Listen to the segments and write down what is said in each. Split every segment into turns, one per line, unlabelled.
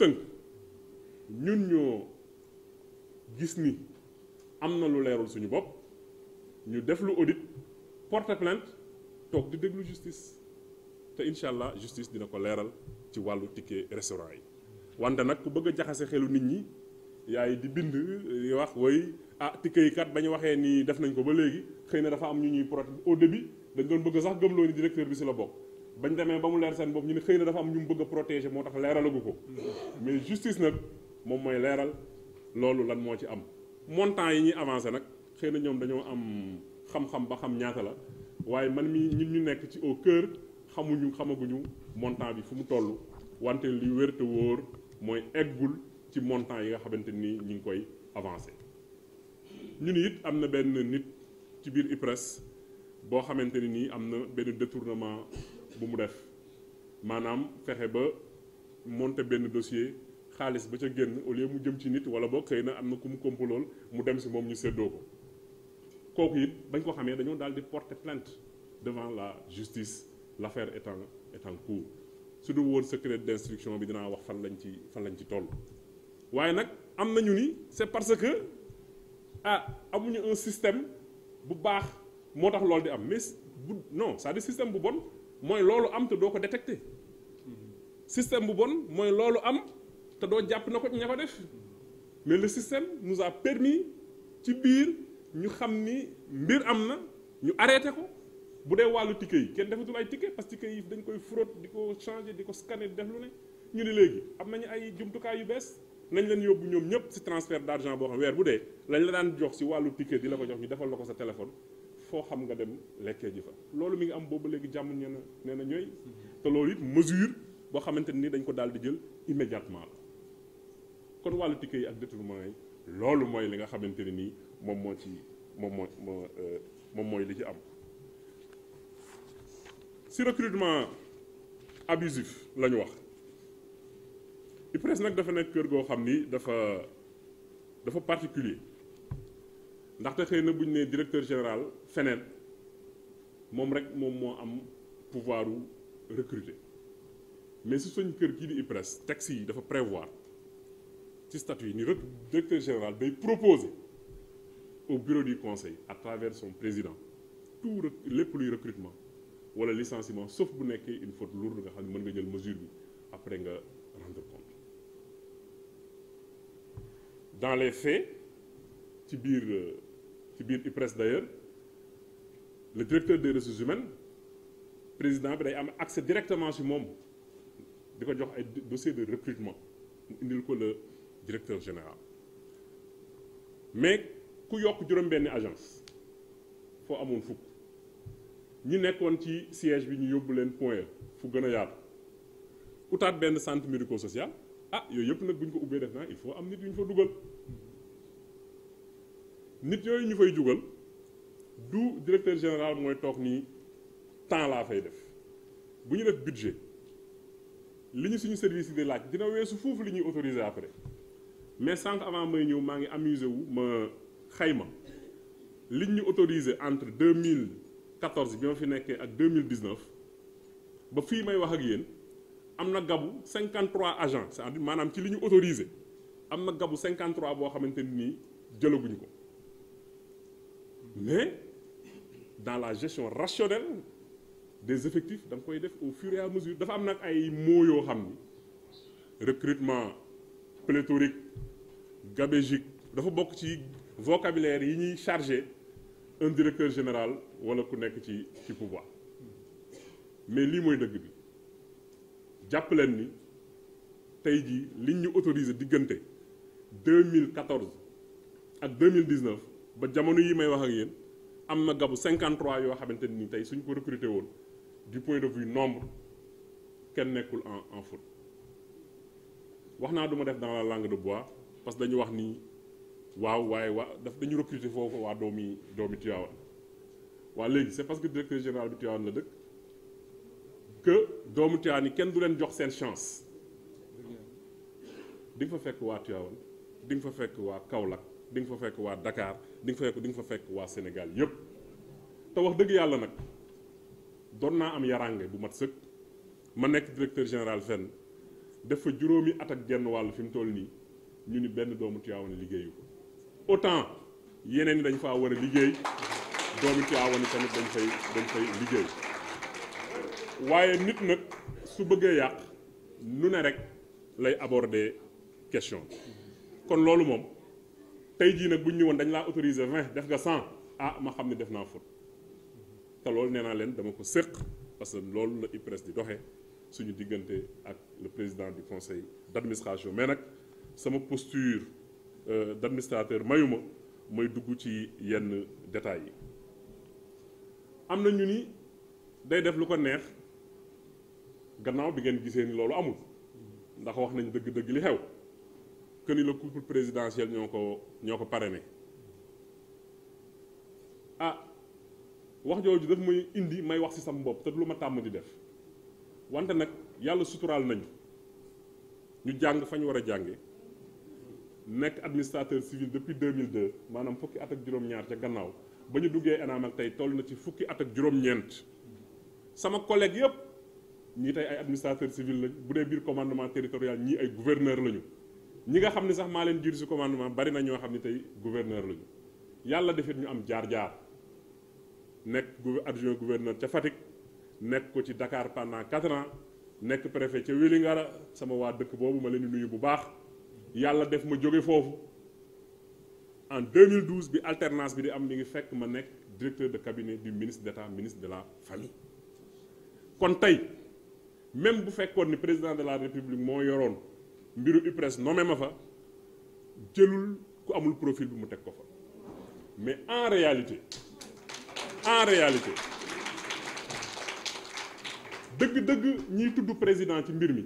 tënk ñun ñoo gis ni am na lu leerul suñu bopp ñu def lu audit porte plainte toog di déglu justice te incha allah justice dina ko leeral ci wàllu ticket restaurant yi wante nag ku bëgg a jaxase xelu nit ñi yaay di bind di wax way ah ticket yi kat ba ñu waxee nii def nañ ko ba léegi xëy na dafa am ñu ñuy proté au début dañ doon bëgg sax gëmloo ni directeur bi si la bokk bañ demee ba mu leer seen bopp ñu ne xëy na dafa am ñu mu bëgg a protéger moo tax leeralagu ko mais justice nag moom mooy leeral loolu lan moo ci am montant yi ñuy avancé nag xëy na dañoo am xam-xam xam ñaata la waaye man mi ñun ñu nekk ci au cœur xamuñu xamaguñu montant bi fu mu toll wante li wér wóor mooy eggul ci montant yi nga xamante ni ñu ngi koy avancé ñu ni it am na benn nit ci biir IPRES boo xamante ni am na benn détournement bu mu def maanaam fexe ba monter benn dossier xaalis ba ca génn au lieu mu jëm ci nit wala boo na am na ku mu kompalool mu dem si moom ñu séddoo ko kooku it bañ ko xamee dañoo daal di porter plainte devant la justice l'affaire est en est en cours su dul woon secret d'instruction bi dinaa wax fan lañ ci fan lañ ci toll waaye nag am nañu ni c'est parce que ah amuñu un système bu baax moo tax loolu di am mais bu non c'est-à-dire système bu bon mooy loolu am te doo ko détecté système bu bon mooy loolu am te doo jàpp na ko ña ko def mais le système nous a permis ci biir ñu xam ni mbir am na ñu arrêté ko bu dee wàllu ticket yi kenn defatul ay ticket parce que ticket yi dañ koy fraude di ko changer di ko scanner di def lu ne ñu ne léegi am nañu ay jumtukaay yu bees nañ leen yóbbu ñoom ñëpp ci transfert d'argent boo xam weer bu dee lañ la daan jox ci wàllu ticket di la ko jox ñu defal la ko sa téléphone foo xam nga dem lekkee ji fa loolu mi ngi am boobu léegi jàmm nee na nee na ñooy te loolu it mesure boo xamante ni dañ ko daal di jël immédiatement la kon wàllu ticket yi ak détournement yi loolu mooy li nga xamante ne nii moom moo ci moom moo euh, moom mooy li ci am si recrutement abusif la ñu wax IPRES nag dafa nekk kër goo xam ni dafa dafa particulier ndaxte xëy na bu ñu nee directeur général feneen moom rek moom moo am pouvoir u recruter mais si suñ kër gii di IPRES texte yi dafa prévoir ci statut yi ni directeur général day proposer au bureau du conseil à travers son président tout lépp luy recrutement wala licenciement sauf bu nekkee une faute lourde nga xam ne mën nga jël mesure bi après nga rendre compte dans les faits ci biir euh, ci biir IPRES d'ailleurs le directeur des ressources humaines président bi day am accès directement ci moom di ko jox ay dossier de recrutement mu indil ko le directeur général mais ku yokk juróom-benni agence foo amoon fukk ñi nekkoon ci siège bi ñu yóbbu leen point fu gën a yaatu utaat benn centre médico social ah yooyu yëpp nag bu ko ubbee def naa il faut am nit yu ñu fa dugal nit yooyu ñu fay jugal du directeur général mooy toog nii temps laa fay def bu ñu def budget li ñu suñu service yi laaj dina weesu foofu li ñuy autoriser après mais sànq avant may ñëw maa ngi amusé wu ma xayma li ñu autorisé entre 2014 bi ma fi nekkee ak 2019 ba fii may wax ak yéen am na gabu 53 agents cest maanaam ci li ñu autorisé am na gabu 53 boo xamante nii jëlaguñu ko. mais dans la gestion rationnelle des effectifs da koy def au fur et à dafa am nag ay mots yoo xam ni recrutement pléthorique gabégique dafa bokk ci vocabulaire yi ñuy chargé un directeur général wala ku nekk ci ci pouvoir mais lii mooy dëgg bi jàpp ni tey jii liñ ñu autorisé diggante 2014 ak 2019 ba jamono yi may wax ak yéen am na gabu 53 yoo xamante ni tey suñ ko recruter woon du point de vue nombre kenn nekkul en en faute wax naa du ma def dans la langue de bois parce que dañu wax ni waaw waaye waa daf dañu recruter foofu waa doomi doomi Tivaouane waa léegi c'est parce que directeur général bi Tivaouane la dëkk que doomu Tivaouane yi kenn du leen jox seen chance di nga fa fekk waa Tivaouane di fa fekk waa Kaolack di nga fa fekk waa Dakar di fa fekk di fa fekk waa Sénégal yépp te wax dëgg yàlla nag doon naa am yarange bu mat sëkk ma nekk directeur général fenn def fa juróomi at ak genn wàll fi mu toll nii ñu ni benn doomu Tivaouane liggéeyu ko autant yeneen yi dañ faa war a liggéey doomu Tivaouane tamit dañ fay dañ fay liggéey waaye nit nag su bëggee yàq nu ne rek lay aborder question kon loolu moom tey jii nag bu ñu woon dañ laa autorisé vingt def nga cent ah ma xam ne def naa faute te loolu nee naa leen dama ko séq parce que loolu la IPRES di doxe suñu diggante ak le président du conseil d' administration nag sama posture euh, d' administrateur mayuma mooy dugg ci yenn détails yi am na ñu ni day def lu ko neex gannaaw bi ngeen gisee ni loolu amul ndax wax nañ dëgg-dëgg li xew que ni le couple présidentiel ñoo ko ñoo ko ne ah wax jooju daf muy indi may wax ci sama bopp te lu ma tàmm di def wante nag yàlla suturaal nañu ñu jàng fa ñu war a jànge nekk administrateur civil depuis 2002 maanaam fukki at ak juróom-ñaar ca gannaaw ba ñu duggee ENAM ak tey toll na ci fukki at ak juróom-ñeent sama collègue yëpp ñii tey ay administrateur civil bu dee biir commandement territorial ñii ay gouverneur lañu. ñi nga xam ne sax maa leen jiir commandement bari na ñoo xam ne tey gouverneur lañu yàlla defit ñu am jaar-jaar nekk adjoint gouverneur ca Fatick nekk ko ci Dakar pendant quatre ans nekk préfet ca Vélingara sama waa dëkk boobu ma leen nuyu bu baax yàlla def ma jóge foofu en 2012 bi alternance bi di am mi ngi fekk ma nekk directeur de cabinet du ministre d'État ministre de la famille kon tey même bu fekkoon ni président de la république moo yoroon mbiru IPRES nommé ma fa jëlul ku amul profil bi mu teg ko fa mais en réalité en réalité dëgg-dëgg ñiy tudd président ci mbir mi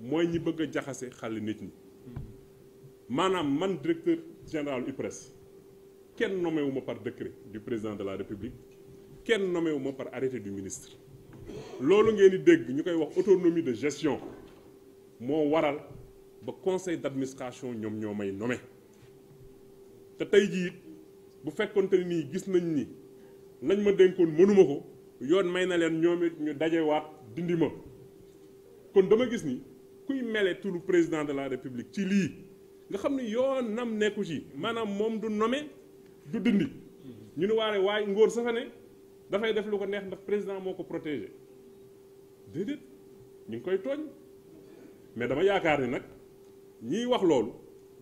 mooy ñi bëgg a jaxase xale nit ñi maanaam man directeur général IPRES kenn nommé wu par décret du président de la république kenn nommé wu ma par arrêté du ministre loolu ngeen di dégg ñu koy wax autonomie de gestion moo waral ba conseil d'administration ñoom ñoo may nome te tey jii bu fekkoon te nii gis nañ ni nañ ma dénkoon mënuma ko yoon may na leen ñoom it ñu dajewaat dindi ma kon dama gis ni kuy mele turu président de la république ci lii nga xam ni yoon nam nekku ci maanaam moom du nome du dindi mm-hmm. ñu ne waare waaye ngóor safa ne dafay def lu ko neex ndax président moo ko protégé déedéet ñu ngi koy tooñ mais dama yaakaar ni nag ñiy wax loolu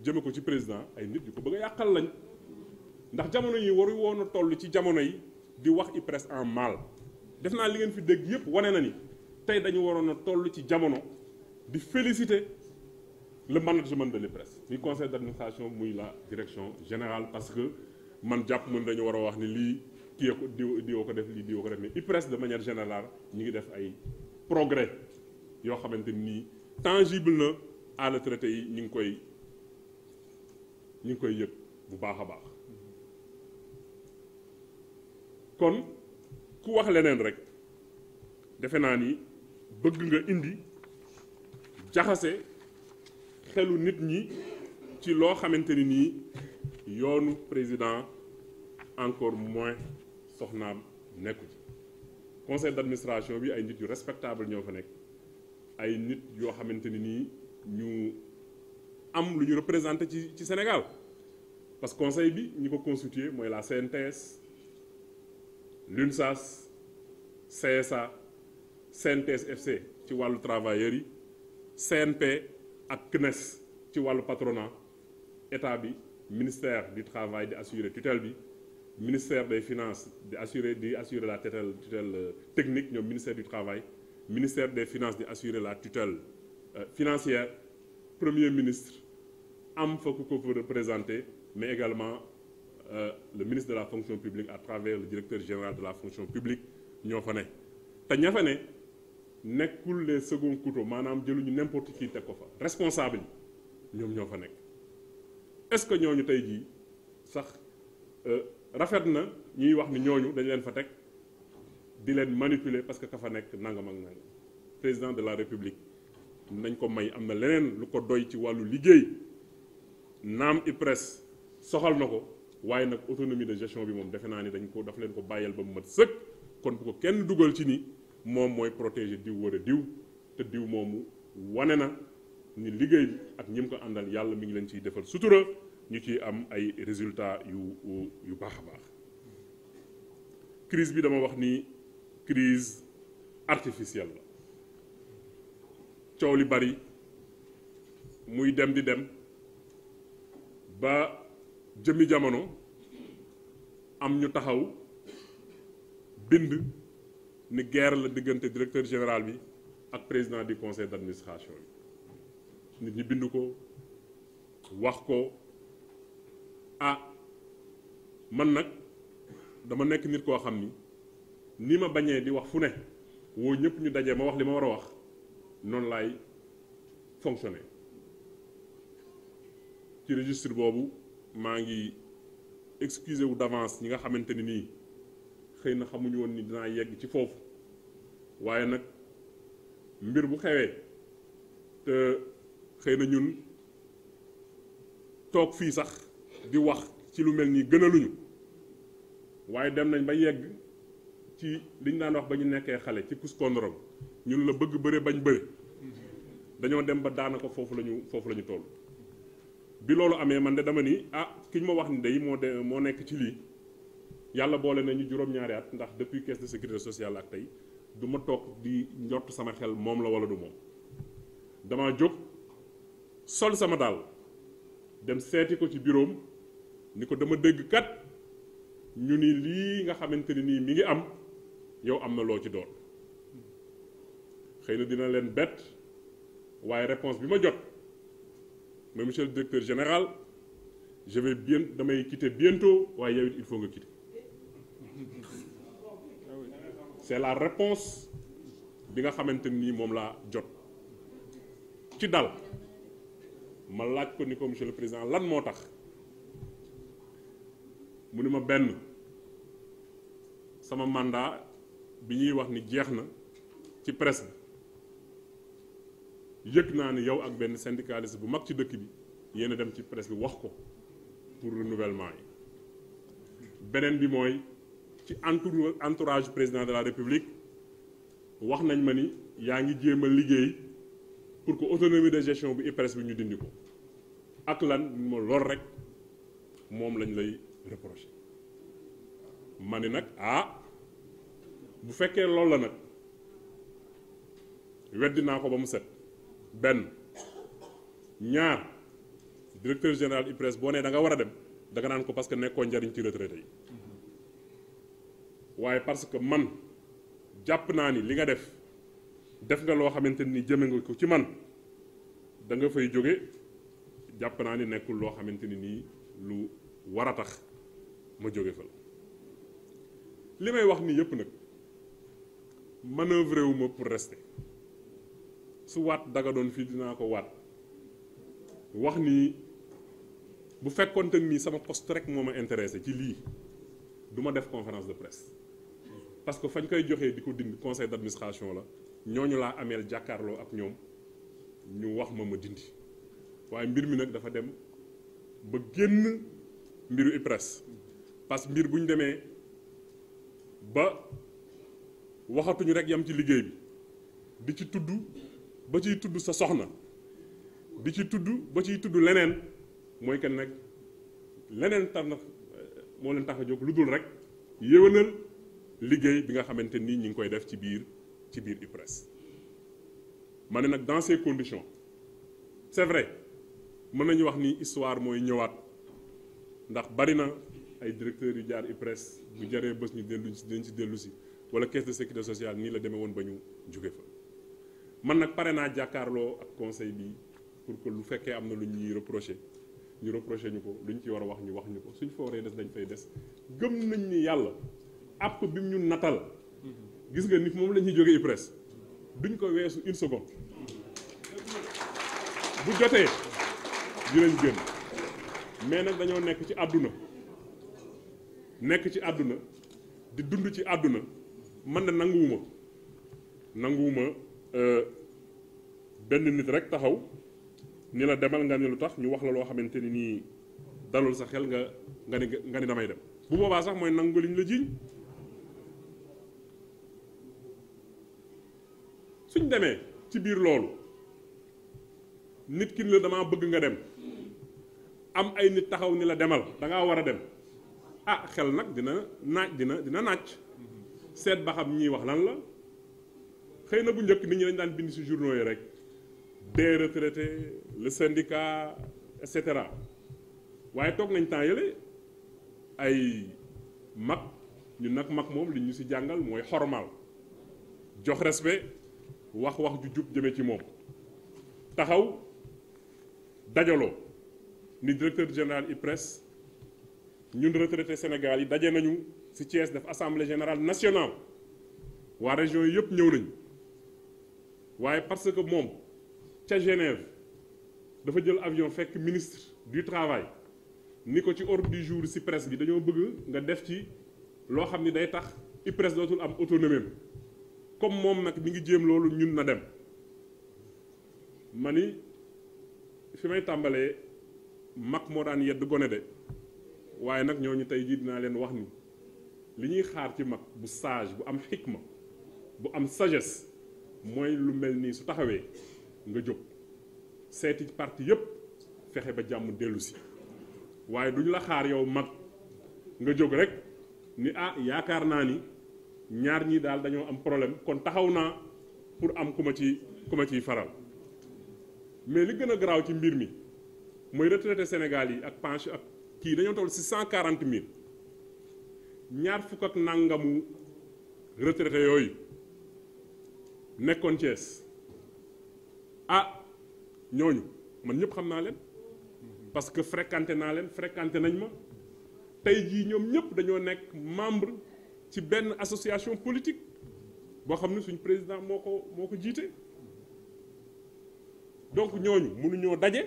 jëme ko ci président ay nit yu ko bëgg yàqal lañ ndax jamono yi waru woon a toll ci jamono yi di wax IPRES en mal def naa li ngeen fi dégg yëpp wane na ni tey dañu waroon a toll ci jamono di féliciter le management de l'IPRES muy conseil d'administration muy la direction générale parce que man jàpp mën dañu war a wax ni lii kii ko diw diwoo ko def lii diwoo ko def mais IPRES de manière générale ñu ngi def ay progrès yoo xamante nii tangible na à la traité yi ñu ngi koy ñu ngi koy yëg bu baax a baax kon ku wax leneen rek defe naa ni bëgg nga indi jaxase xelu nit ñi ci loo xamante ni nii yoonu président encore moins soxnaam nekku ci conseil d'administration bi ay nit yu respectable ñoo fa nekk ay nit yoo xamante ni nii ñu am lu ñu représenté ci ci Sénégal parce que conseil bi ñi ko constitué mooy la CNTS l'UNSAS CSA CNTS FC ci wàllu travailleurs yi CNP ak CNES ci wàllu patronat état bi ministère du travail di assurer tutelle bi ministère des finances di assurer di assurer la tutelle tutelle euh, technique ñoom ministère du travail ministère des finances di assurer la tutelle euh, financière premier ministre am fa ku ko fa mais également euh, le ministre de la fonction publique à travers le directeur général de la fonction publique ñoo fa ne te ña fa ne nekkul les second couteaux maanaam jëluñu nimporti qui teg ko fa responsable ñoom ñoo fa nekk est-ce que ñooñu tey jii sax euh, rafet na ñuy wax ni ñooñu dañ leen fa teg di leen manipuler parce que ka fa nekk nangam ak nangam président de la république nañ ko may am na leneen lu ko doy ci wàllu liggéey naam IPRES soxal na ko waaye nag autonomie de gestion bi moom defe naa ni dañ ko daf leen ko bàyyeel ba mu mat sëkk kon bu ko kenn dugal ci ni moom mooy protéger diw war diw te diw moomu wane na ni liggéey bi ak ñi ko àndal yàlla mi ngi leen ciy defal sutura ñu ciy am ay résultat yu yu baax a baax crise bi dama wax crise artificielle la coow lu bari muy dem di dem ba jëmi jamono am ñu taxaw bind ni guerre la diggante directeur général bi ak président du conseil d'administration bi nit ñi bind ko wax ko a ah, man nag dama nekk nit koo xam ni ni ma bañee di wax fu ne woo ñëpp ñu dajee ma wax li ma war a wax noonu laay fonctionné ci registre boobu maa ngi excusé wu d'avance ñi nga xamante ni nii xëy na xamuñu woon ni dinaa yegg ci foofu waaye nag mbir bu xewee te xëy na ñun toog fii sax di wax ci lu mel nii gënaluñu waaye dem nañ ba yegg ci li ñu daan wax ba ñu nekkee xale ci kuskondrom ñun la bëgg bëre bañ bëre dañoo dem ba daanaka foofu la ñu foofu la ñu bi loolu amee man de dama ni ah ki ñu ma wax ni day moo de moo nekk ci lii yàlla boole nañu juróom-ñaari at ndax depuis caisse de sécurité sociale ak tey duma ma toog di njort sama xel moom la wala du moom dama jóg sol sama daal dem seeti ko ci bureau ni ko dama dégg kat ñu ni lii nga xamante nii mu ngi am yow am na loo ci doon xëy na dina leen bett waaye réponse bi ma jot mais monsieur le directeur général je vais bien damay quitter bientôt waaye yow it il faut nga quitter c'est la réponse bi nga xamante nii moom laa jot ci dal ma laaj ko ni ko monsieur président lan moo tax mu ni ma benn sama mandat bi ñuy wax ni jeex na ci presse bi naa ni yow ak benn syndicaliste bu mag ci dëkk bi yéen a dem ci presque bi wax ko pour renouvellement yi beneen bi mooy ci entourage président de la république wax nañ ma ni yaa ngi jéem a liggéey pour que autonomie de gestion bu IPRES bi ñu dindi ko ak lan ma lool rek moom lañ lay reproché ma ni nag ah bu fekkee loolu la nag weddi naa ko ba mu set benn ñaar directeur général IPRES boo nee danga war a dem da naan ko parce que nekkoo njariñ ci retraité yi waaye parce que man jàpp naa ni li nga def def nga loo xamante ni jëme nga ko ci man da nga fay jóge jàpp naa ni nekkul loo xamante ni nii lu war a tax ma jóge fa la li may wax nii yëpp nag manœuvrer wu ma pour rester su waat daga doon fii dinaa ko waat wax ni bu fekkonte nii sama post rek moom ma intéressé ci lii du ma def conférence de presse parce que fañ koy joxee di ko dindi conseil d'administration la ñooñu laa ameel jàkkaarloo ak ñoom ñu wax ma ma dindi waaye mbir mi nag dafa dem ba génn mbiru IPRES parce que mbir bu ñu demee ba waxatuñu rek yam ci liggéey bi di ci tudd ba ciy tudd sa soxna di ci tudd ba ciy tudd leneen mooy kenn nag leneen tax na moo leen tax a jóg lu dul rek yéwénal liggéey bi nga xamante ni ñi ngi koy def ci biir ci biir IPRES man ne nag dans ces conditions c'est vrai mën nañu wax ni histoire mooy ñëwaat ndax bari na ay directeurs yu jaar IPRES bu jaree bés ñu dellu si dinañ si dellu si wala caisse de sécurité social nii la demee woon ba ñu jóge fa man nag pare naa jàkkaarloo ak conseil bi pour que lu fekkee am na lu ñuy reproché ñu reproché ñu ko lu ñu ci war a wax ñu wax ñu ko suñ fa waree des dañ fay des gëm nañ ni yàlla àpp bi mu ñu natal gis nga nit moom la ñuy jóge IPRES duñ ko weesu une seconde bu jotee dinañ génn mais nag dañoo nekk ci àdduna nekk ci àdduna di dund ci àdduna man de nanguwuma nanguwuma euh, benn nit rek taxaw ni la demal nga ne lu tax ñu wax la loo xamante ni nii dalul sa xel nga nga ni damay dem bu boobaa sax mooy nangu liñ la jiiñ suñ demee ci biir loolu nit ki la damaa bëgg nga dem am ay nit taxaw ni la demal da war a dem ah xel nag dina naaj dina dina naaj seet ba xam ñiy wax lan la xëy na bu njëkk nit ñi lañ daan bind ci journaux yi rek des retraités le syndicat et cetera waaye toog nañ temps yële ay mag ñu nag mag moom li ñu ci jàngal mooy xormal jox respect wax wax ju jub jëme ci moom taxaw dajaloo ni directeur général IPRES ñun retraité Sénégal yi daje nañu si Thiès def assemblée générale nationale waa région yi yëpp ñëw nañ waaye parce que moom ca Genève dafa jël avion fekk ministre du travail ni ko ci ordre du jour si presse bi dañoo bëgg nga def ci loo xam ni day tax IPRES dootul am autonomie comme moom nag bi ngi jéem loolu ñun na dem mani ni fi may tàmbalee mag moo daan yedd gone de waaye nag ñooñu tey jii dinaa leen wax ni li ñuy xaar ci mag bu sage bu am xikma bu am sages mooy lu mel nii su taxawee nga jóg seeti parti yépp fexe ba jàmm dellusi si waaye duñu la xaar yow mag nga jóg rek ni ah yaakaar naa ni ñaar ñii daal dañoo am problème kon taxaw naa pour am ku ma ci ku ma ciy faral mais li gën a garaaw ci mbir mi mooy retraité Sénégal yi ak pension ak kii dañoo toll si cent quarante mille ñaar fukk ak nàngamu retraité yooyu nekkoon Thiès ah ñooñu man ñëpp xam naa leen parce que fréquenté naa leen fréquenté nañ ma tey jii ñoom ñëpp dañoo nekk membre ci benn association politique boo xam ne suñ président moo ko moo ko jiite donc ñooñu mënuñoo daje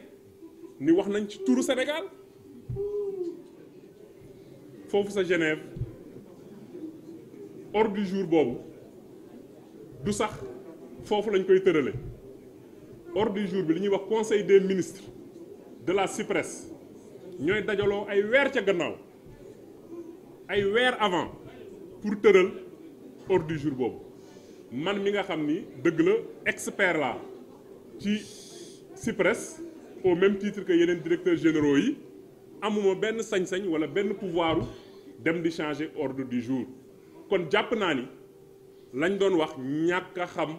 ni wax nañ ci turu Sénégal foofu sa Genève ordre du jour boobu du sax foofu lañ koy tërale ordre du jour bi li ñuy wax conseil des ministres de la CIPRES ñooy dajaloo ay weer ca gannaaw ay weer avant pour tëral ordre du jour boobu man mi nga xam ni dëgg la expert la ci CIPRES au même titre que yeneen directeurs généraux yi amuma benn sañ-sañ wala benn pouvoiru dem di changer ordu du jour kon jàpp naa ni lañ doon wax ñàkk xam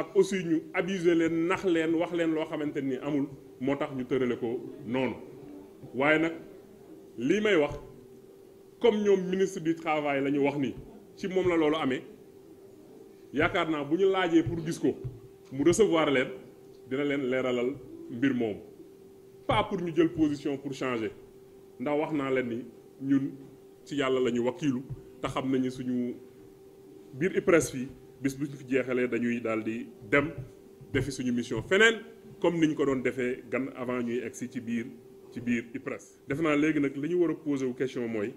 ak aussi ñu abuser leen nax leen wax leen loo xamante ni amul moo tax ñu tërale ko noonu waaye nag lii may wax comme ñoom ministre du travail la ñu wax ni ci moom la loolu amee yaakaar naa bu ñu laajee pour gis ko mu recevoir leen dina leen leeralal mbir moomu pas pour ñu jël position pour changer ndax wax naa leen ni ñun ci yàlla la ñu wakiilu te xam nañu suñu biir IPRES fii bis bu ñu fi jeexalee dañuy daal di dem defi suñu mission feneen comme ni ñu ko doon defee gan avant ñuy egsi ci biir ci biir IPRES. def naa léegi nag li ñu war a posé wu question mooy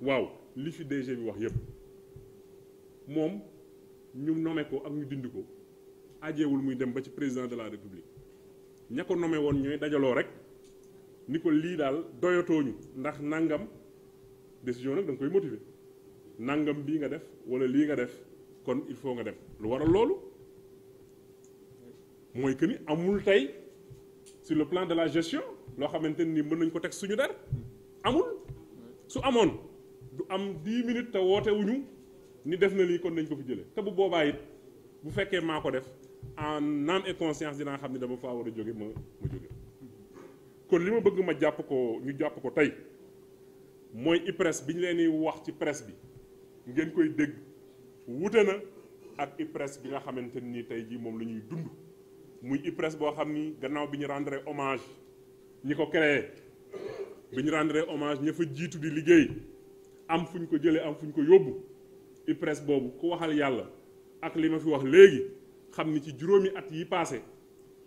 waaw li fi DG bi wax yëpp moom ñu nommé ko ak ñu dindi ko ajeewul muy dem ba ci président de la république ña ko nommé woon ñooy dajaloo rek ni ko lii daal doyatooñu ndax nangam décision nag da koy motiver. nangam bii nga def wala lii nga def kon il faut nga dem lu war a loolu mooy que ni amul tey si le plan de la gestion loo xamante ni mën nañ ko teg suñu der amul su amoon du am 10 minutes te wootewuñu wuñu ni def na lii kon nañ ko fi jëlee te bu boobaa it bu fekkee maa ko def en âme et conscience dinaa xam ne dama faa war a jóge ma ma jóge kon li ma bëgg ma jàpp ko ñu jàpp ko tey mooy IPRES bi ñu leen di wax ci presse bi ngeen koy dégg wute na ak IPRES bi nga xamante ni tey jii moom la ñuy dund muy IPRES boo xam ni gannaaw bi ñu rendre hommage ñi ko créé bi ñu rendre hommage ña fa jiitu di liggéey am fu ñu ko jëlee am fu ñu ko yóbbu IPRES boobu ku waxal yàlla ak li ma fi wax léegi xam ni ci juróomi at yi passé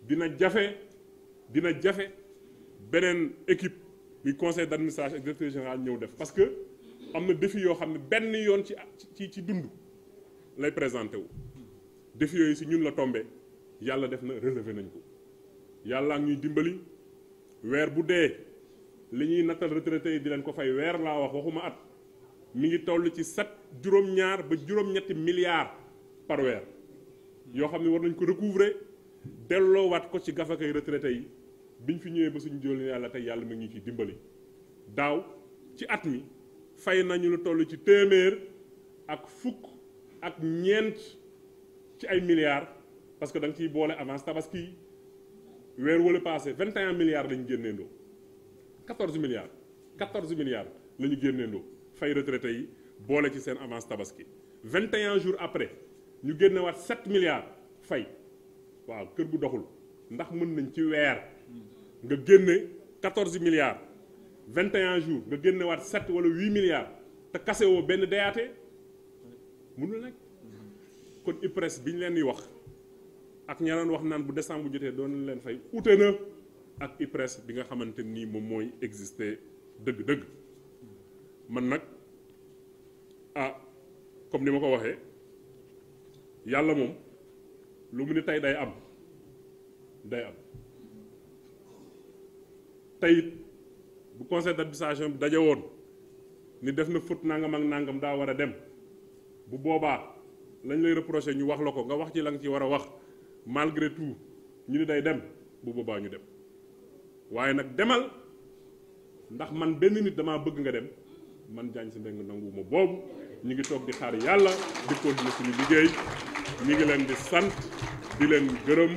dina jafe dina jafe beneen équipe muy conseil d'administration missage directeur général ñëw def parce am na défi yoo xam ne benn yoon ci ci ci dund lay présenté wu défi yooyu si ñun la tombe yàlla def na relevé nañ ko yàlla ñuy dimbali weer bu dee li ñuy nattal retraité yi di leen ko fay weer laa wax waxuma at mi ngi toll ci sept juróom-ñaar ba juróom-ñetti milliards par weer yoo xam ne war nañ ko recouvrer delloowaat ko ci gafakay retraité yi ñu fi ñëwee ba suñu jóol yàlla tey yàlla mi ngi ñu ciy dimbali daaw ci at mi fay nañu lu toll ci téeméer ak fukk ak ñeent ci ay milliards parce que da ciy boole avance tabaski weer wala passé vingt et un milliards la ñu génneendoo quatorze milliards quatorze milliards la ñu génneendoo fay retraités yi boole ci seen avance tabaski vingt et un jours après ñu génnewaat sept milliards fay waaw kër gu doxul ndax mën nañ ci weer nga génne quatorze milliards vingt 21 jour nga génnewaat 7 wala 8 milliards te kase benn benn dayaate mënul nekk kon IPRES bi ñu leen di wax ak ña doon wax naan bu décembre jotee doon leen fay ute na ak IPRES bi nga xamante nii moom mooy exister dëgg-dëgg man nag ah comme ni ma ko waxee yàlla moom lu mu ni tey day am day am tey. bu conseil d'administration bi daje woon ni def na fut nangam ak nangam daa war a dem bu boobaa lañ lay reproché ñu wax la ko nga wax ci la nga ci war a wax malgré tout ñu ni day dem bu boobaa ñu dem waaye nag demal ndax man benn nit damaa bëgg nga dem man Diagne Sy Mbengue nanguwuma boobu ñu ngi toog di xaar yàlla di continuer suñu liggéey ñu ngi leen di sant di leen gërëm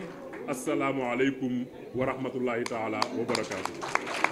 asalaamualeykum wa rahmatullahi taala wa barakaatu.